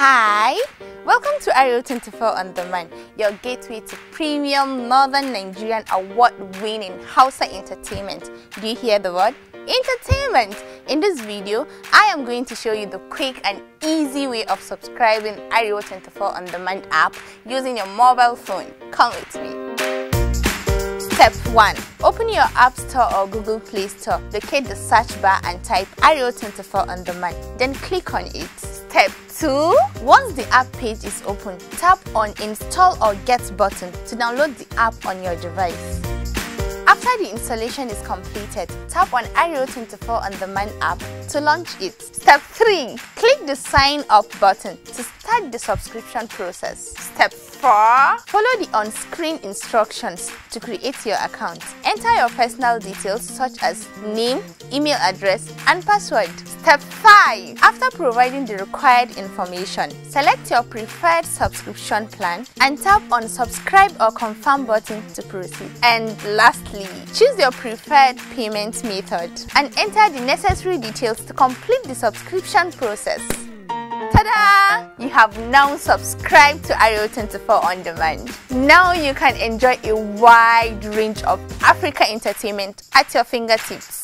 Hi, welcome to Ariel 24 on the your gateway to premium Northern Nigerian award-winning Hausa entertainment. Do you hear the word? Entertainment! In this video, I am going to show you the quick and easy way of subscribing Ariel 24 on Demand app using your mobile phone. Come with me. Step 1. Open your App Store or Google Play Store. Locate the search bar and type Ario 24 on demand. Then click on it. Step 2. Once the app page is open, tap on Install or Get button to download the app on your device. After the installation is completed, tap on iro 24 on the Man app to launch it. Step 3. Click the Sign Up button to start the subscription process. Step 4. Follow the on-screen instructions to create your account. Enter your personal details such as name, email address, and password. Step 5. After providing the required information, select your preferred subscription plan and tap on subscribe or confirm button to proceed. And lastly, choose your preferred payment method and enter the necessary details to complete the subscription process. Ta-da! You have now subscribed to IO24 On Demand. Now you can enjoy a wide range of Africa entertainment at your fingertips.